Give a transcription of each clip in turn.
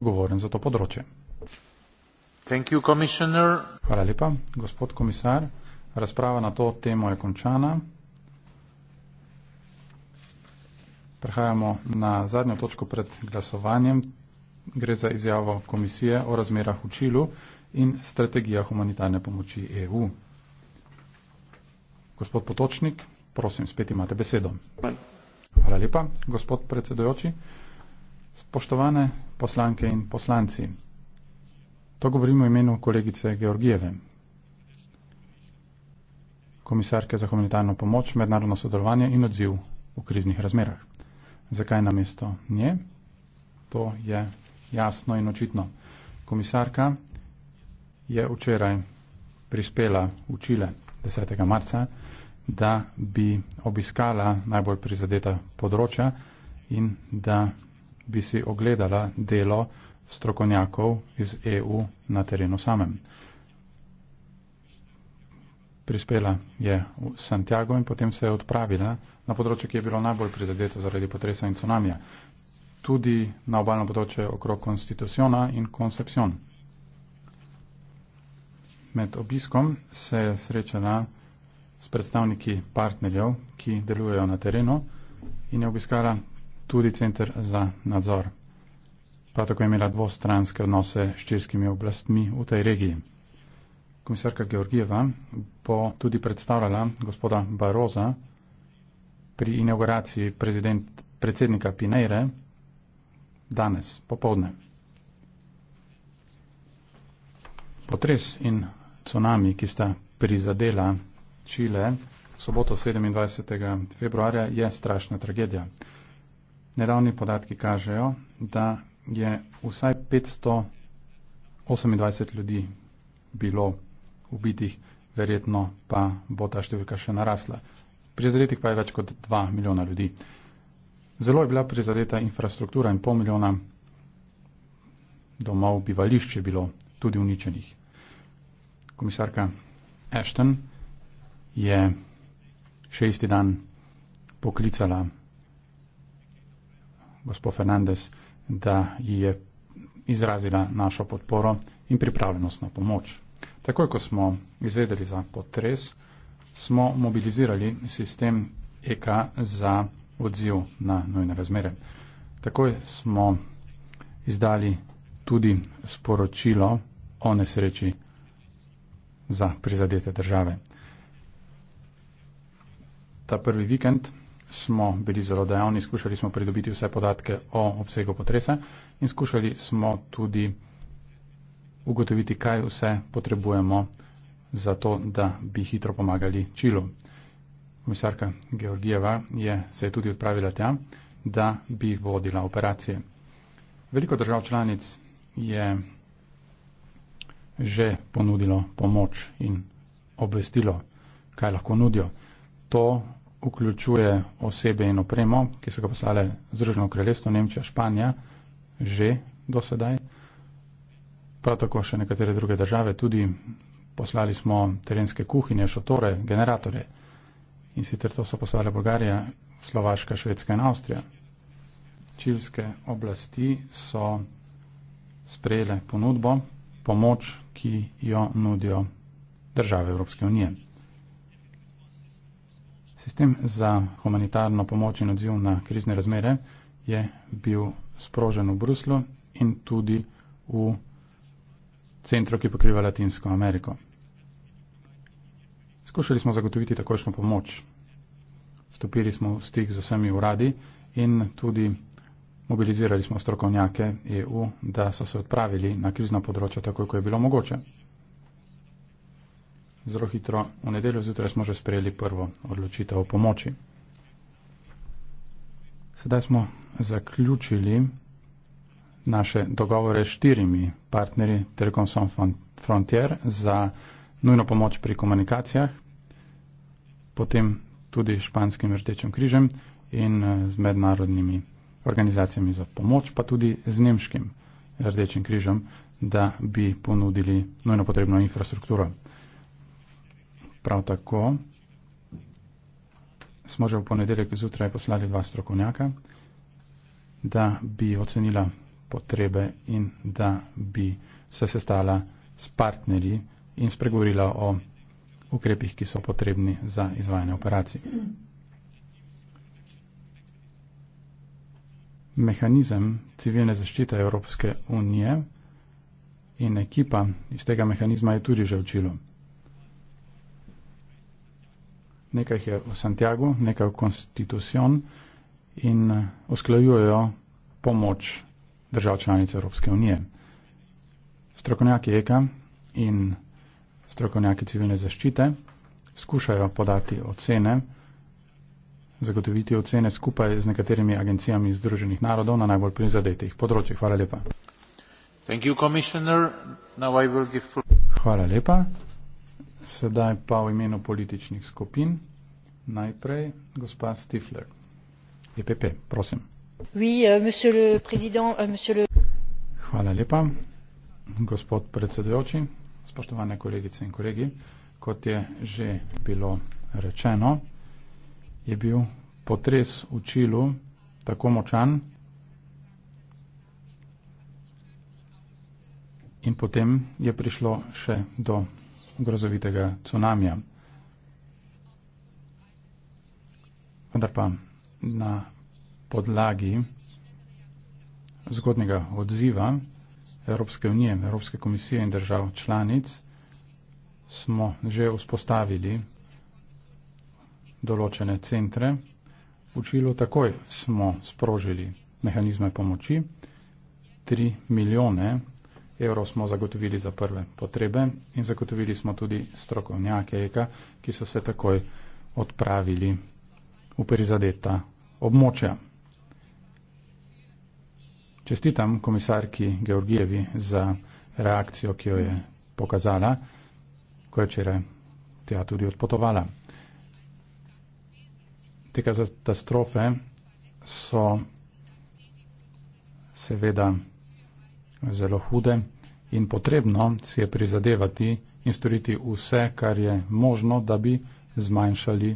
odgovoren za to področje. Thank you, commissioner. Hvala lepa, gospod komisar. Razprava na to temo je končana. Prehajamo na zadnjo točko pred glasovanjem. Gre za izjavo komisije o razmerah v Čilu in strategija humanitarne pomoči EU. Gospod Potočnik, prosim, spet imate besedo. Hvala lepa, gospod predsedojoči. Spoštovane poslanke in poslanci, to govorimo v imenu kolegice Georgijeve, komisarke za humanitarno pomoč, mednarodno sodelovanje in odziv v kriznih razmerah. Zakaj na mesto nje? To je jasno in očitno. Komisarka je včeraj prispela v Čile 10. marca, da bi obiskala najbolj prizadeta področja in da bi si ogledala delo strokovnjakov iz EU na terenu samem. Prispela je v Santiago in potem se je odpravila na področje, ki je bilo najbolj prizadeto zaradi potresa in cunamija, tudi na obalno področje okrog Konstitucijona in Koncepcion. Med obiskom se je srečala s predstavniki partnerjev, ki delujejo na terenu in je obiskala tudi centr za nadzor. Prav tako je imela dvostranske odnose s čirskimi oblastmi v tej regiji. Komisarka Georgijeva bo tudi predstavljala gospoda Baroza pri inauguraciji predsednika Pinejre danes popovdne. Potres in tsunami, ki sta prizadela Čile v soboto 27. februarja, je strašna tragedija. Nedavni podatki kažejo, da je vsaj 528 ljudi bilo ubitih, verjetno pa bo ta številka še narasla. Prizadetih pa je več kot 2 milijona ljudi. Zelo je bila prizadeta infrastruktura in pol milijona domov bivališče bilo tudi uničenih. Komisarka Ashton je še isti dan poklicala gospod Fernandez, da ji je izrazila našo podporo in pripravljenost na pomoč. Takoj, ko smo izvedeli za potres, smo mobilizirali sistem EK za odziv na nujne razmere. Takoj smo izdali tudi sporočilo o nesreči za prizadete države. Ta prvi vikend smo bili zelo dejavni, skušali smo pridobiti vse podatke o obsegu potresa in skušali smo tudi ugotoviti, kaj vse potrebujemo za to, da bi hitro pomagali Čilu. Komisarka Georgijeva je, se je tudi odpravila tja, da bi vodila operacije. Veliko držav članic je že ponudilo pomoč in obvestilo, kaj lahko nudijo. To vključuje osebe in opremo, ki so ga poslale Združeno kraljestvo, Nemčija, Španija, že do sedaj, prav tako še nekatere druge države, tudi poslali smo terenske kuhinje, šotore, generatore in sicer to so poslale Bolgarija, Slovaška, Švedska in Avstrija. Čilske oblasti so sprejele ponudbo, pomoč, ki jo nudijo države Evropske unije. Sistem za humanitarno pomoč in odziv na krizne razmere je bil sprožen v Bruslu in tudi v centru, ki pokriva Latinsko Ameriko. Skušali smo zagotoviti takošno pomoč. Stopili smo v stik z vsemi uradi in tudi mobilizirali smo strokovnjake EU, da so se odpravili na krizna področja, tako kot je bilo mogoče zelo hitro. V nedeljo zjutraj smo že sprejeli prvo odločitev o pomoči. Sedaj smo zaključili naše dogovore s štirimi partnerji Telekom Son Frontier za nujno pomoč pri komunikacijah, potem tudi Španskim rdečim križem in eh, z mednarodnimi organizacijami za pomoč, pa tudi z Nemškim rdečim križem, da bi ponudili nujno potrebno infrastrukturo. Prav tako smo že v ponedeljek zjutraj poslali dva strokovnjaka, da bi ocenila potrebe in da bi se sestala s partnerji in spregovorila o ukrepih, ki so potrebni za izvajanje operacij. Mehanizem civilne zaščite Evropske unije in ekipa iz tega mehanizma je tudi že učila nekaj je v Santiago, nekaj v Konstitucion in eh, usklajujejo pomoč držav članic Evropske unije. Strokovnjaki EKA in strokovnjaki civilne zaščite skušajo podati ocene, zagotoviti ocene skupaj z nekaterimi agencijami Združenih narodov na najbolj prizadetih področjih. Hvala lepa. Thank you, Commissioner. Now I will give... Hvala lepa. Sedaj pa v imenu političnih skupin. Najprej gospa Stifler, EPP, prosim. Oui, euh, le président, euh, le... Hvala lepa, gospod predsedujoči, spoštovane kolegice in kolegi. Kot je že bilo rečeno, je bil potres v Čilu tako močan in potem je prišlo še do grozovitega cunamija. Vendar pa na podlagi zgodnega odziva Evropske unije, Evropske komisije in držav članic smo že vzpostavili določene centre. Učilo takoj smo sprožili mehanizme pomoči. 3 milijone evrov smo zagotovili za prve potrebe in zagotovili smo tudi strokovnjake EKA, ki so se takoj odpravili v prizadeta območja. Čestitam komisarki Georgijevi za reakcijo, ki jo je pokazala, ko je včeraj tja tudi odpotovala. Te katastrofe so seveda zelo hude in potrebno si je prizadevati in storiti vse, kar je možno, da bi zmanjšali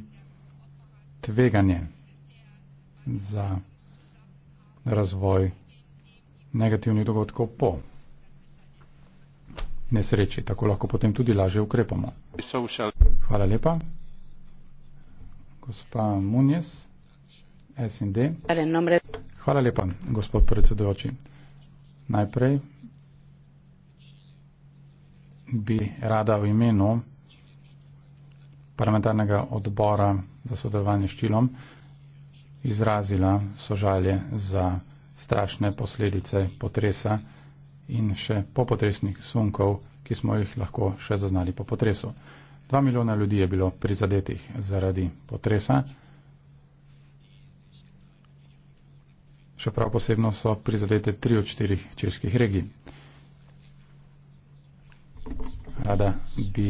tveganje za razvoj negativnih dogodkov po nesreči. Tako lahko potem tudi laže ukrepamo. Hvala lepa. Gospa Munjes, SND. Hvala lepa, gospod predsedujoči. Najprej bi rada v imenu parlamentarnega odbora za sodelovanje s Čilom izrazila sožalje za strašne posledice potresa in še popotresnih sunkov, ki smo jih lahko še zaznali po potresu. Dva milijona ljudi je bilo prizadetih zaradi potresa. Še prav posebno so prizadete tri od štirih čirskih regij. Rada bi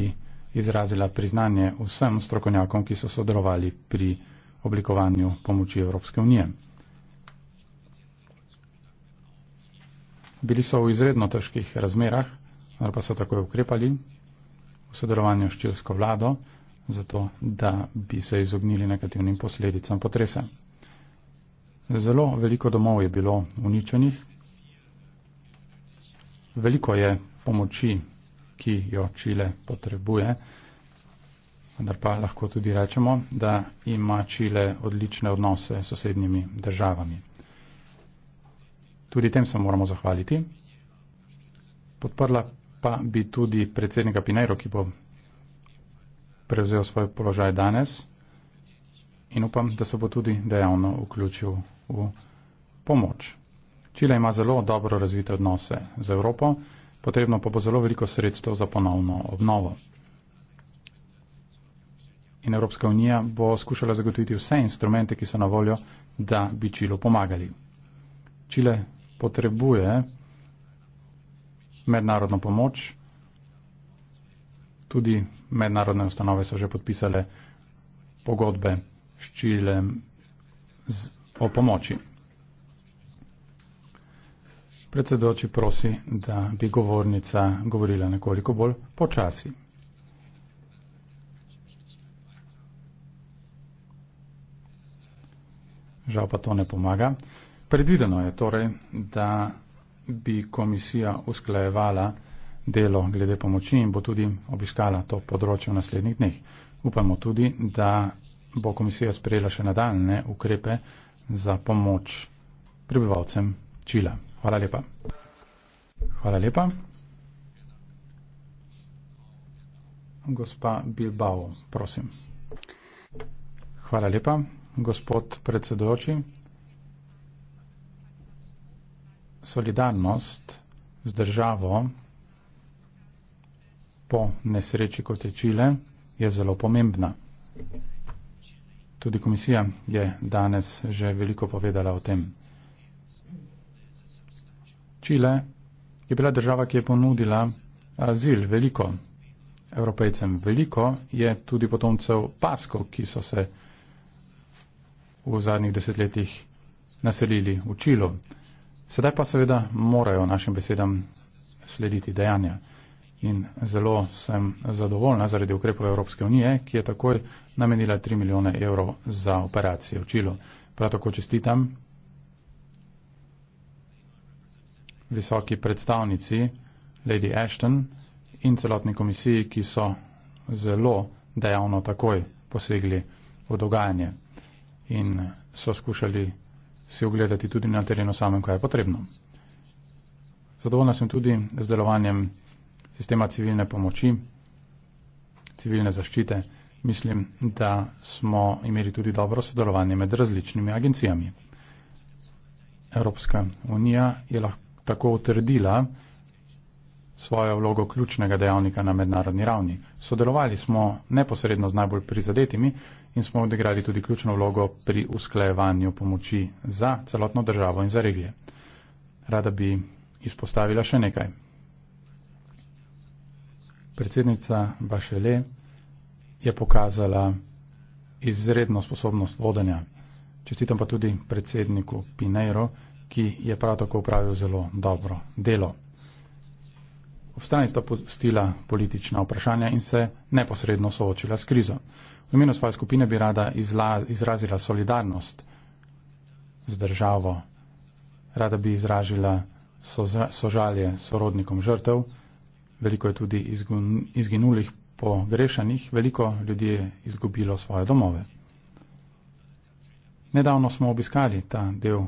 izrazila priznanje vsem strokovnjakom, ki so sodelovali pri oblikovanju pomoči Evropske unije. Bili so v izredno težkih razmerah, ali pa so takoj ukrepali v sodelovanju s čilsko vlado, zato da bi se izognili negativnim posledicam potresa. Zelo veliko domov je bilo uničenih. Veliko je pomoči, ki jo Čile potrebuje, vendar pa lahko tudi rečemo, da ima Čile odlične odnose s sosednjimi državami. Tudi tem se moramo zahvaliti. Podprla pa bi tudi predsednika Pinero, ki bo prevzel svoj položaj danes in upam, da se bo tudi dejavno vključil v pomoč. Čile ima zelo dobro razvite odnose z Evropo, potrebno pa bo zelo veliko sredstev za ponovno obnovo. In Evropska unija bo skušala zagotoviti vse instrumente, ki so na voljo, da bi Čilu pomagali. Čile potrebuje mednarodno pomoč, tudi mednarodne ustanove so že podpisale pogodbe. Šilem o pomoči. Predsedoči prosi, da bi govornica govorila nekoliko bolj počasi. Žal pa to ne pomaga. Predvideno je torej, da bi komisija usklajevala delo glede pomoči in bo tudi obiskala to področje v naslednjih dneh. Upamo tudi, da bo komisija sprejela še nadaljne ukrepe za pomoč prebivalcem Čila. Hvala lepa. Hvala lepa. Gospa Bilbao, prosim. Hvala lepa, gospod predsedojoči. Solidarnost z državo po nesreči kot je Čile je zelo pomembna. Tudi komisija je danes že veliko povedala o tem. Čile je bila država, ki je ponudila azil veliko evropejcem. Veliko je tudi potomcev Pasko, ki so se v zadnjih desetletjih naselili v Čilu. Sedaj pa seveda morajo našim besedam slediti dejanja in zelo sem zadovoljna zaradi ukrepov Evropske unije, ki je takoj namenila 3 milijone evrov za operacije v Čilu. Prav tako čestitam visoki predstavnici Lady Ashton in celotni komisiji, ki so zelo dejavno takoj posegli v dogajanje in so skušali si ogledati tudi na terenu samem, kaj je potrebno. Zadovoljna sem tudi z delovanjem sistema civilne pomoči, civilne zaščite, mislim, da smo imeli tudi dobro sodelovanje med različnimi agencijami. Evropska unija je lahko tako utrdila svojo vlogo ključnega dejavnika na mednarodni ravni. Sodelovali smo neposredno z najbolj prizadetimi in smo odigrali tudi ključno vlogo pri usklajevanju pomoči za celotno državo in za regije. Rada bi izpostavila še nekaj predsednica Bašele je pokazala izredno sposobnost vodenja. Čestitam pa tudi predsedniku Pinero, ki je prav tako upravil zelo dobro delo. Ob strani sta postila politična vprašanja in se neposredno soočila s krizo. V imenu svoje skupine bi rada izla, izrazila solidarnost z državo, rada bi izražila soza, sožalje sorodnikom žrtev veliko je tudi izginulih pogrešanih, veliko ljudi je izgubilo svoje domove. Nedavno smo obiskali ta del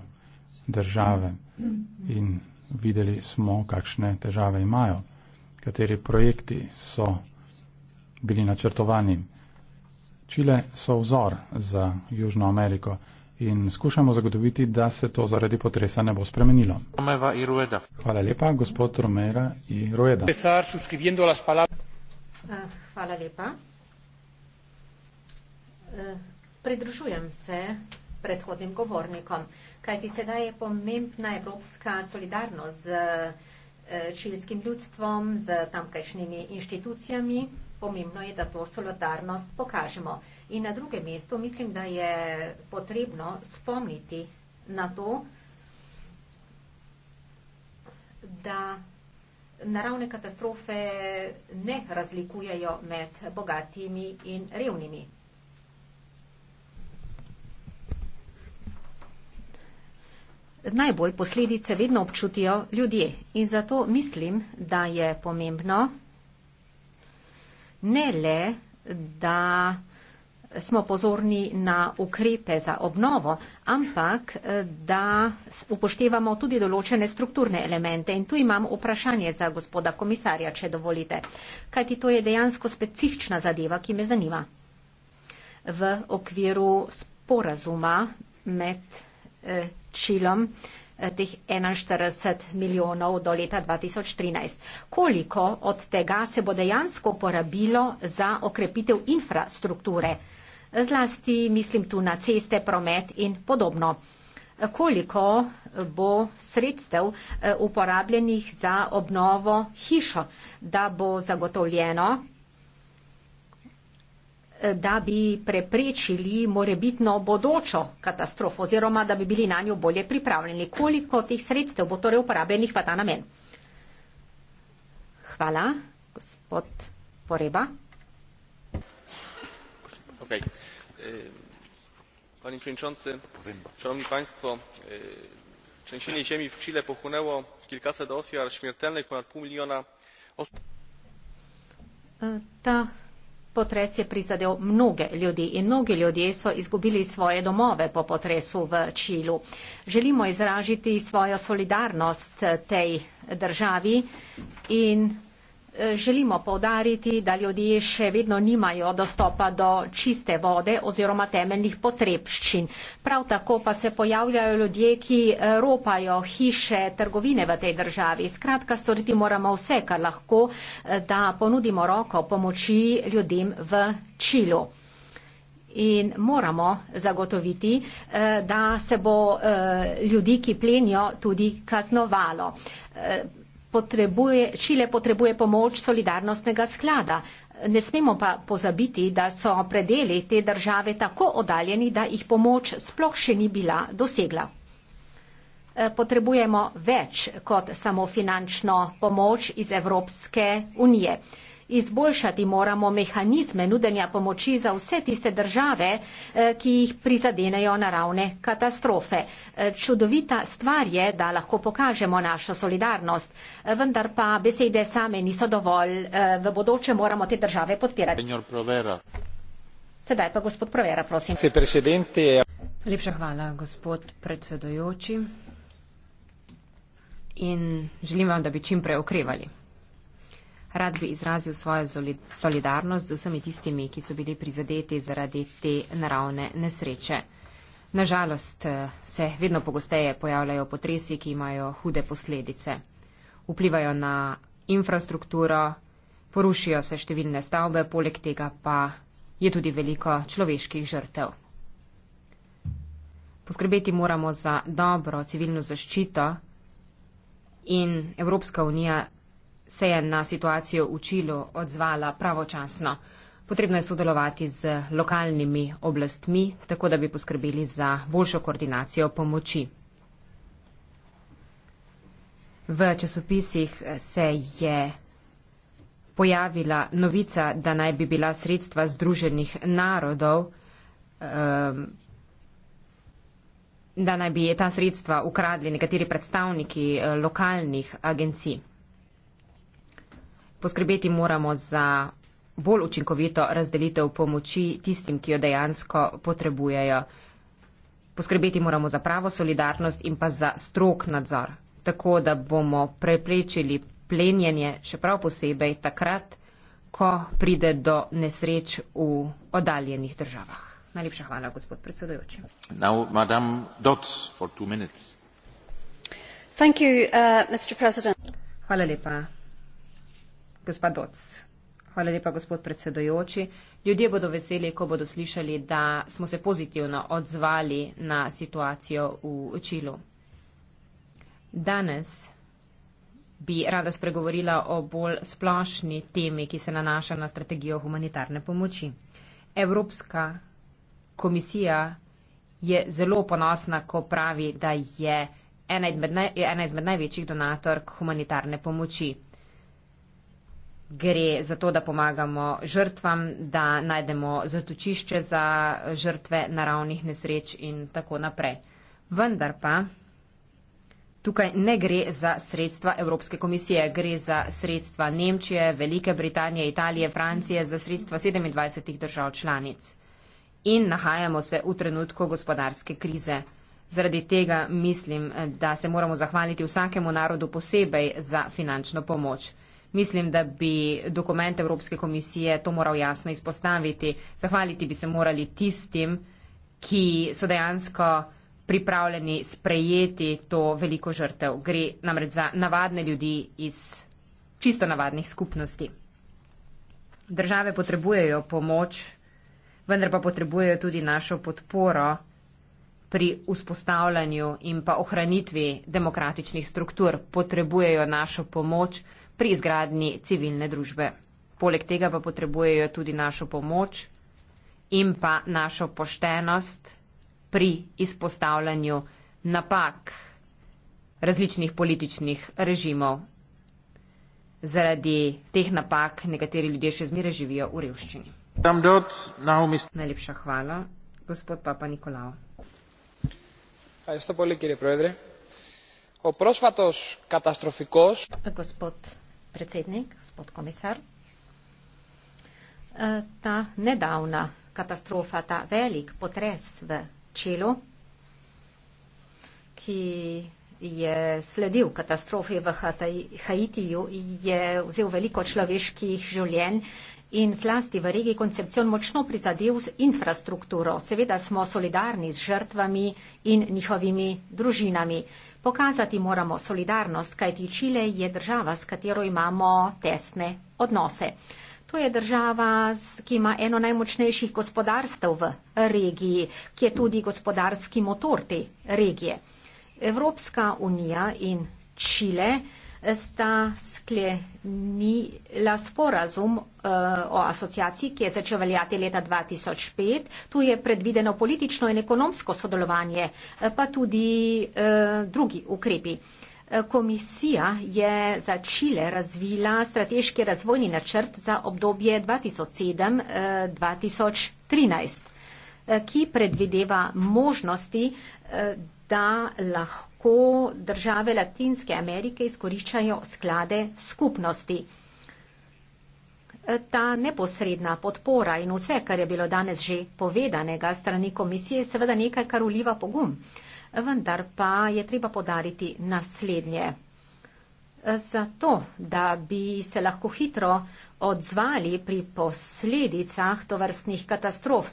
države in videli smo, kakšne težave imajo, kateri projekti so bili načrtovani. Čile so vzor za Južno Ameriko in skušamo zagotoviti, da se to zaradi potresa ne bo spremenilo. Hvala lepa, gospod Romera in Rueda. Eh, hvala lepa. Eh, pridružujem se predhodnim govornikom, kajti sedaj je pomembna evropska solidarnost z eh, čilskim ljudstvom, z tamkajšnjimi inštitucijami pomembno je, da to solidarnost pokažemo. In na drugem mestu mislim, da je potrebno spomniti na to, da naravne katastrofe ne razlikujejo med bogatimi in revnimi. Najbolj posledice vedno občutijo ljudje in zato mislim, da je pomembno, ne le, da smo pozorni na ukrepe za obnovo, ampak da upoštevamo tudi določene strukturne elemente. In tu imam vprašanje za gospoda komisarja, če dovolite, kajti to je dejansko specifična zadeva, ki me zanima. V okviru sporazuma med eh, Čilom eh, Eh, teh 41 milijonov do leta 2013. Koliko od tega se bo dejansko porabilo za okrepitev infrastrukture? Zlasti mislim tu na ceste, promet in podobno. Eh, koliko eh, bo sredstev uporabljenih za obnovo hišo, da bo zagotovljeno, da bi preprečili morebitno bodočo katastrofo oziroma da bi bili na njo bolje pripravljeni. Koliko teh sredstev bo torej uporabljenih v ta namen? Hvala, gospod Poreba. Okay. E, panie Przewodniczący, Szanowni Państwo, e, trzęsienie ziemi w Chile pochłonęło kilkaset ofiar śmiertelnych, ponad pół miliona osób. E, ta Potres je prizadel mnoge ljudi in mnogi ljudje so izgubili svoje domove po potresu v Čilu. Želimo izražiti svojo solidarnost tej državi in Želimo povdariti, da ljudje še vedno nimajo dostopa do čiste vode oziroma temeljnih potrebščin. Prav tako pa se pojavljajo ljudje, ki eh, ropajo hiše, trgovine v tej državi. Skratka, storiti moramo vse, kar lahko, eh, da ponudimo roko pomoči ljudem v Čilu. In moramo zagotoviti, eh, da se bo ljudi, ki plenijo, tudi kaznovalo potrebuje, Čile potrebuje pomoč solidarnostnega sklada. Ne smemo pa pozabiti, da so predeli te države tako oddaljeni, da jih pomoč sploh še ni bila dosegla. E, potrebujemo več kot samo finančno pomoč iz Evropske unije. Izboljšati moramo mehanizme nudenja pomoči za vse tiste države, eh, ki jih prizadenejo naravne katastrofe. Eh, čudovita stvar je, da lahko pokažemo našo solidarnost, eh, vendar pa besede same niso dovolj. V bodoče moramo te države podpirati. Sedaj pa gospod Provera, prosim. Lepša hvala, gospod predsedujoči. In želim vam, da bi čim prej okrevali. Rad bi izrazil svojo solidarnost z vsemi tistimi, ki so bili prizadeti zaradi te naravne nesreče. Nažalost eh, se vedno pogosteje pojavljajo potresi, ki imajo hude posledice. Vplivajo na infrastrukturo, porušijo se številne stavbe, poleg tega pa je tudi veliko človeških žrtev. Poskrbeti moramo za dobro civilno zaščito in Evropska unija se je na situacijo v Čilu odzvala pravočasno. Potrebno je sodelovati z lokalnimi oblastmi, tako da bi poskrbeli za boljšo koordinacijo pomoči. V časopisih se je pojavila novica, da naj bi bila sredstva Združenih narodov, ehm, da naj bi ta sredstva ukradli nekateri predstavniki eh, lokalnih agencij. Poskrbeti moramo za bolj učinkovito razdelitev pomoči tistim, ki jo dejansko potrebujejo. Poskrbeti moramo za pravo solidarnost in pa za strok nadzor, tako da bomo preprečili plenjenje, še prav posebej takrat, ko pride do nesreč v oddaljenih državah. Najlepša hvala, gospod predsedujoči. Now, Dodds, uh, hvala lepa gospa Doc. Hvala lepa, gospod predsedojoči. Ljudje bodo veseli, ko bodo slišali, da smo se pozitivno odzvali na situacijo v Čilu. Danes bi rada spregovorila o bolj splošni temi, ki se nanaša na strategijo humanitarne pomoči. Evropska komisija je zelo ponosna, ko pravi, da je ena izmed največjih donatork humanitarne pomoči gre za to, da pomagamo žrtvam, da najdemo zatočišče za žrtve naravnih nesreč in tako naprej. Vendar pa tukaj ne gre za sredstva Evropske komisije, gre za sredstva Nemčije, Velike Britanije, Italije, Francije, za sredstva 27 držav članic. In nahajamo se v trenutku gospodarske krize. Zaradi tega mislim, da se moramo zahvaliti vsakemu narodu posebej za finančno pomoč. Mislim, da bi dokument Evropske komisije to moral jasno izpostaviti. Zahvaliti bi se morali tistim, ki so dejansko pripravljeni sprejeti to veliko žrtev. Gre namreč za navadne ljudi iz čisto navadnih skupnosti. Države potrebujejo pomoč, vendar pa potrebujejo tudi našo podporo pri vzpostavljanju in pa ohranitvi demokratičnih struktur. Potrebujejo našo pomoč, pri izgradnji civilne družbe. Poleg tega pa potrebujejo tudi našo pomoč in pa našo poštenost pri izpostavljanju napak različnih političnih režimov. Zaradi teh napak nekateri ljudje še zmire živijo v revščini. Najlepša hvala, gospod Papa Nikolao. Gospod predsednik, gospod komisar. Eh, ta nedavna katastrofa, ta velik potres v Čilu, ki je sledil katastrofi v Haitiju, je vzel veliko človeških življenj in zlasti v regiji koncepcion močno prizadev z infrastrukturo. Seveda smo solidarni z žrtvami in njihovimi družinami. Pokazati moramo solidarnost, kajti Čile je država, s katero imamo tesne odnose. To je država, ki ima eno najmočnejših gospodarstv v regiji, ki je tudi gospodarski motor te regije. Evropska unija in Čile sta sklenila sporazum eh, o asociaciji, ki je začel veljati leta 2005. Tu je predvideno politično in ekonomsko sodelovanje, eh, pa tudi eh, drugi ukrepi. Komisija je za Čile razvila strateški razvojni načrt za obdobje 2007-2013, ki predvideva možnosti, da lahko lahko države Latinske Amerike izkoriščajo sklade skupnosti. Ta neposredna podpora in vse, kar je bilo danes že povedanega strani komisije, je seveda nekaj, kar uliva pogum. Vendar pa je treba podariti naslednje. Zato, da bi se lahko hitro odzvali pri posledicah tovrstnih katastrof,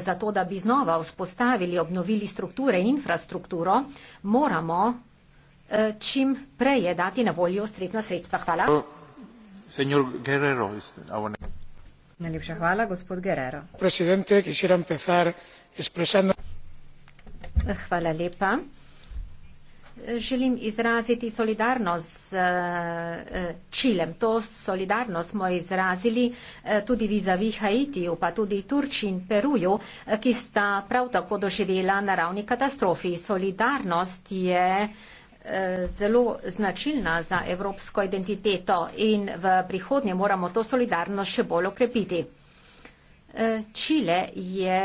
zato, da bi znova vzpostavili, obnovili strukture in infrastrukturo, moramo eh, čim prej je dati na voljo ustrezna sredstva. Hvala. Najlepša hvala, gospod Guerrero. Hvala lepa želim izraziti solidarnost z eh, Čilem. To solidarnost smo izrazili eh, tudi vizavi Haitiju, pa tudi Turčiji in Peruju, eh, ki sta prav tako doživela naravni katastrofi. Solidarnost je zelo značilna za evropsko identiteto in v prihodnje moramo to solidarnost še bolj okrepiti. Čile eh, je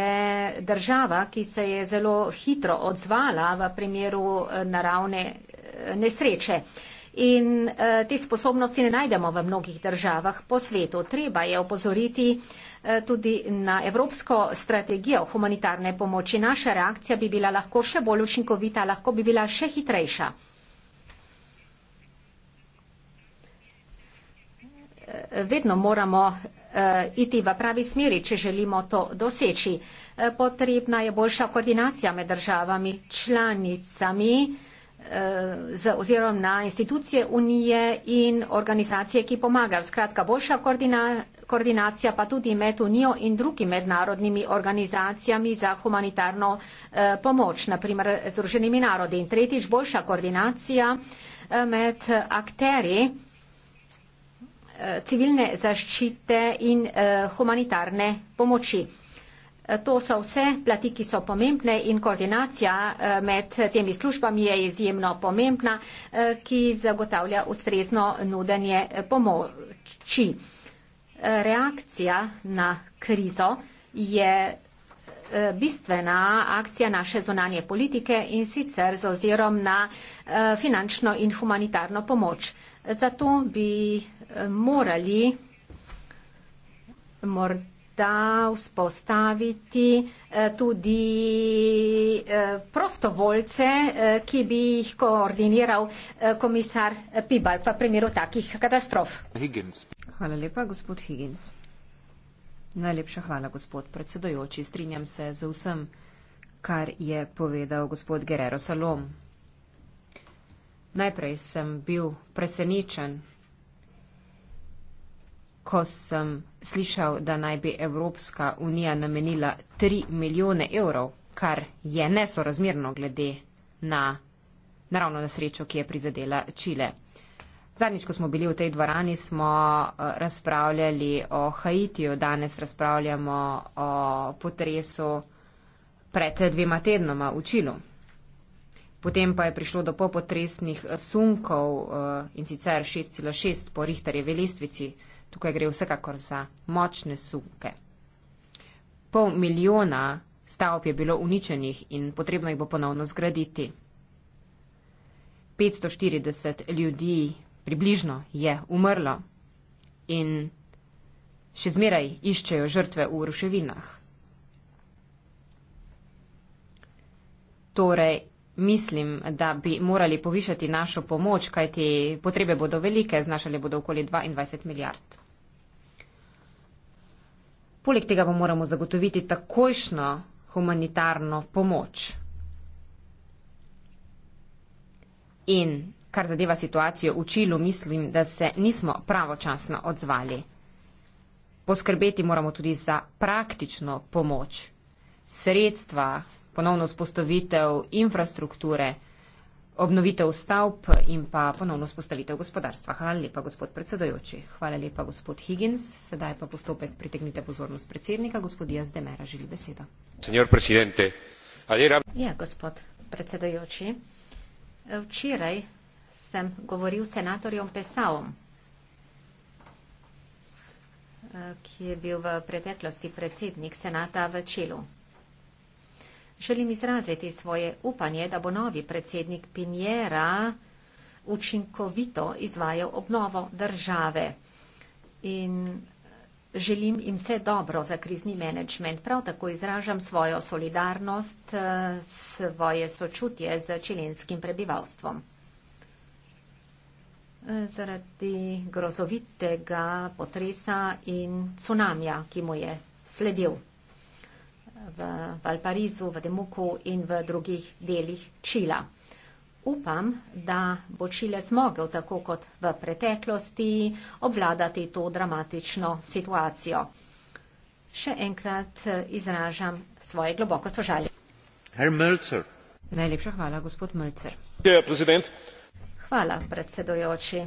država, ki se je zelo hitro odzvala v primeru eh, naravne eh, nesreče. In te sposobnosti ne najdemo v mnogih državah po svetu. Treba je opozoriti tudi na evropsko strategijo humanitarne pomoči. Naša reakcija bi bila lahko še bolj učinkovita, lahko bi bila še hitrejša. Vedno moramo Eh, iti v pravi smeri, če želimo to doseči. Eh, potrebna je boljša koordinacija med državami, članicami eh, z, oziroma na institucije unije in organizacije, ki pomagajo. Skratka, boljša koordina, koordinacija pa tudi med unijo in drugimi mednarodnimi organizacijami za humanitarno pomoč, naprimer Združenimi narodi. In tretjič, boljša koordinacija med akteri Eh, civilne zaščite in eh, humanitarne pomoči. Eh, to so vse plati, ki so pomembne in koordinacija med temi službami je izjemno pomembna, ki zagotavlja ustrezno nudenje pomoči. Reakcija na krizo je Eh, bistvena akcija naše zonanje politike in sicer z ozirom na eh, finančno in humanitarno pomoč. Zato bi eh, morali morda vzpostaviti tudi prostovoljce, ki bi jih koordiniral komisar Pibal v primeru takih katastrof. Higgins. Hvala lepa, gospod Higgins. Najlepša hvala, gospod predsedojoči. Strinjam se z vsem, kar je povedal gospod Gerero Salom. Najprej sem bil presenečen, ko sem slišal, da naj bi Evropska unija namenila 3 milijone evrov, kar je nesorazmerno glede na naravno nesrečo, ki je prizadela Čile. Zadnjič, ko smo bili v tej dvorani, smo eh, razpravljali o Haitiju, danes razpravljamo o potresu pred dvema tednoma v Čilu. Potem pa je prišlo do popotresnih eh, sunkov eh, in sicer 6,6 po Richterjevi lestvici. Tukaj gre vsekakor za močne sunke. Pol milijona stavb je bilo uničenih in potrebno jih bo ponovno zgraditi. 540 ljudi približno je umrlo in še zmeraj iščejo žrtve v ruševinah. Torej, mislim, da bi morali povišati našo pomoč, kajti potrebe bodo velike, znašale bodo okoli 22 milijard. Poleg tega pa moramo zagotoviti takojšno humanitarno pomoč. In kar zadeva situacijo v Čilu, mislim, da se nismo pravočasno odzvali. Poskrbeti moramo tudi za praktično pomoč, sredstva, ponovno spostavitev infrastrukture, obnovitev stavb in pa ponovno spostavitev gospodarstva. Hvala lepa, gospod predsedojoči. Hvala lepa, gospod Higgins. Sedaj pa postopek pritegnite pozornost predsednika, gospod Jaz Demera, želi besedo. Ja, gospod predsedojoči. Včeraj sem govoril s senatorjem Pesavom, eh, ki je bil v preteklosti predsednik senata v Čilu. Želim izraziti svoje upanje, da bo novi predsednik Pinjera učinkovito izvajal obnovo države. In eh, želim jim vse dobro za krizni menedžment. Prav tako izražam svojo solidarnost, eh, svoje sočutje z čilenskim prebivalstvom zaradi grozovitega potresa in cunamija, ki mu je sledil v Valparizu, v Demuku in v drugih delih Čila. Upam, da bo Čile zmogel, tako kot v preteklosti, obvladati to dramatično situacijo. Še enkrat eh, izražam svoje globoko sožalje. Najlepša hvala, gospod Mlcer. Hvala, gospod Mlcer. Hvala, predsedojoči.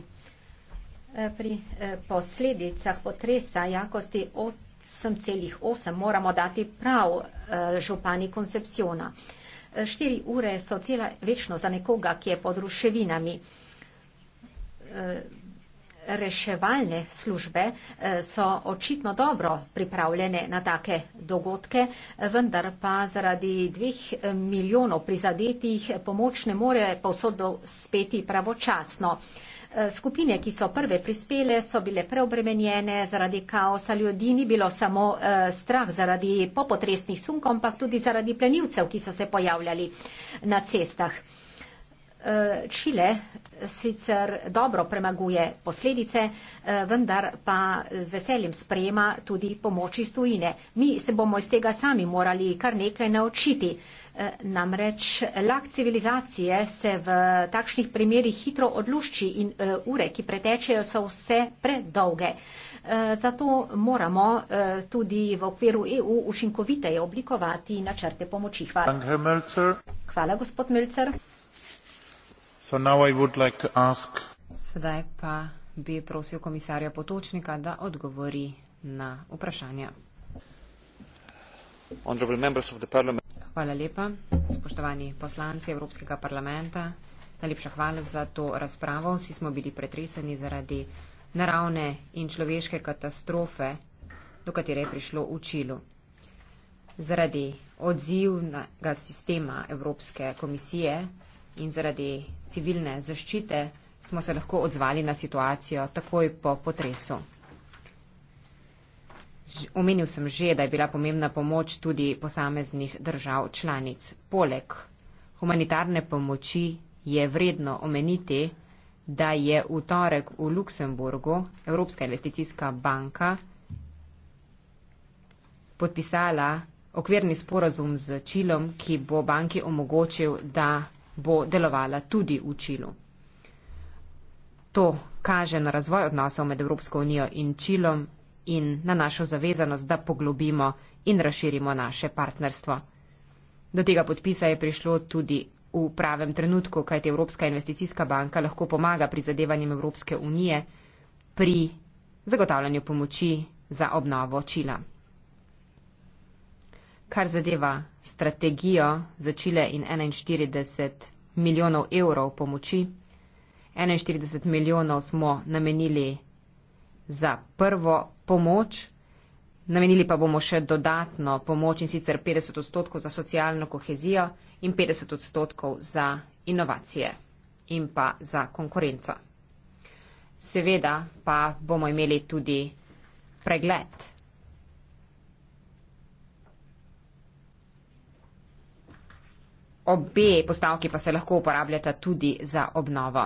E, pri e, posledicah potresa jakosti 8,8 moramo dati prav e, župani Koncepciona. Štiri ure so cela večno za nekoga, ki je pod ruševinami reševalne službe eh, so očitno dobro pripravljene na take dogodke, vendar pa zaradi dveh eh, milijonov prizadetih pomoč ne more povsod speti pravočasno. Eh, skupine, ki so prve prispele, so bile preobremenjene zaradi kaosa ljudi, ni bilo samo eh, strah zaradi popotresnih sunkov, ampak tudi zaradi plenilcev, ki so se pojavljali na cestah. Čile eh, sicer dobro premaguje posledice, eh, vendar pa z veseljem sprejema tudi pomoč iz tujine. Mi se bomo iz tega sami morali kar nekaj naučiti. Eh, namreč lak civilizacije se v takšnih primerih hitro odlušči in ure, ki pretečejo, so vse predolge. Zato moramo tudi v okviru EU učinkoviteje oblikovati načrte pomoči. Hvala, Hvala gospod Melcer. Sedaj pa bi prosil komisarja Potočnika, da odgovori na vprašanja. Hvala lepa, spoštovani poslanci Evropskega parlamenta. Najlepša hvala za to razpravo. Vsi smo bili pretreseni zaradi naravne in človeške katastrofe, do katere je prišlo v Čilu. Zaradi odzivnega sistema Evropske komisije in zaradi civilne zaščite smo se lahko odzvali na situacijo takoj po potresu. Omenil sem že, da je bila pomembna pomoč tudi posameznih držav članic. Poleg humanitarne pomoči je vredno omeniti, da je v torek v Luksemburgu Evropska investicijska banka podpisala okvirni sporazum z Čilom, ki bo banki omogočil, da bo delovala tudi v Čilu. To kaže na razvoj odnosov med Evropsko unijo in Čilom in na našo zavezanost, da poglobimo in razširimo naše partnerstvo. Do tega podpisa je prišlo tudi v pravem trenutku, kajti Evropska investicijska banka lahko pomaga pri zadevanjem Evropske unije pri zagotavljanju pomoči za obnovo Čila kar zadeva strategijo za Čile in 41 milijonov evrov pomoči. 41 milijonov smo namenili za prvo pomoč, namenili pa bomo še dodatno pomoč in sicer 50 odstotkov za socialno kohezijo in 50 odstotkov za inovacije in pa za konkurenco. Seveda pa bomo imeli tudi pregled Obe postavki pa se lahko uporabljata tudi za obnovo.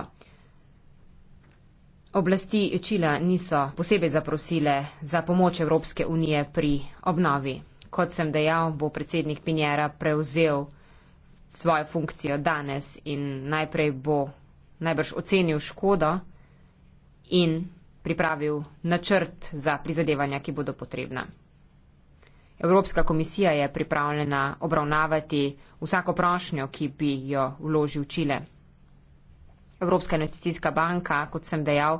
Oblasti Čila niso posebej zaprosile za pomoč Evropske unije pri obnovi. Kot sem dejal, bo predsednik Pinjera prevzel svojo funkcijo danes in najprej bo najbrž ocenil škodo in pripravil načrt za prizadevanja, ki bodo potrebna. Evropska komisija je pripravljena obravnavati vsako prošnjo, ki bi jo vložil Čile. Evropska investicijska banka, kot sem dejal,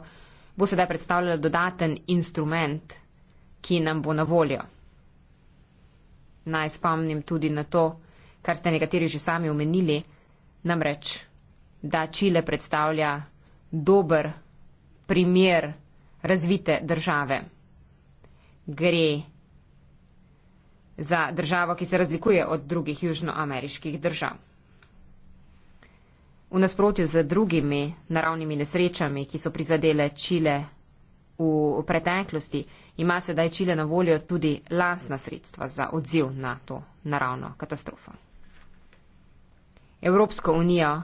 bo sedaj predstavljala dodaten instrument, ki nam bo na voljo. Naj spomnim tudi na to, kar ste nekateri že sami omenili, namreč, da Čile predstavlja dober primer razvite države. Gre za državo, ki se razlikuje od drugih južnoameriških držav. V nasprotju z drugimi naravnimi nesrečami, ki so prizadele Čile v preteklosti, ima sedaj Čile na voljo tudi lasna sredstva za odziv na to naravno katastrofo. Evropsko unijo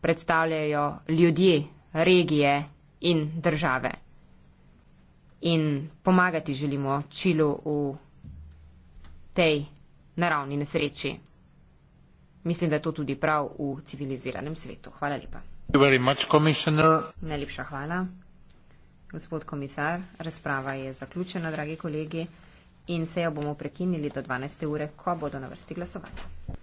predstavljajo ljudje, regije in države. In pomagati želimo Čilu v tej naravni nesreči. Mislim, da je to tudi prav v civiliziranem svetu. Hvala lepa. Much, Najlepša hvala. Gospod komisar, razprava je zaključena, dragi kolegi, in sejo bomo prekinili do 12. ure, ko bodo na vrsti glasovanja.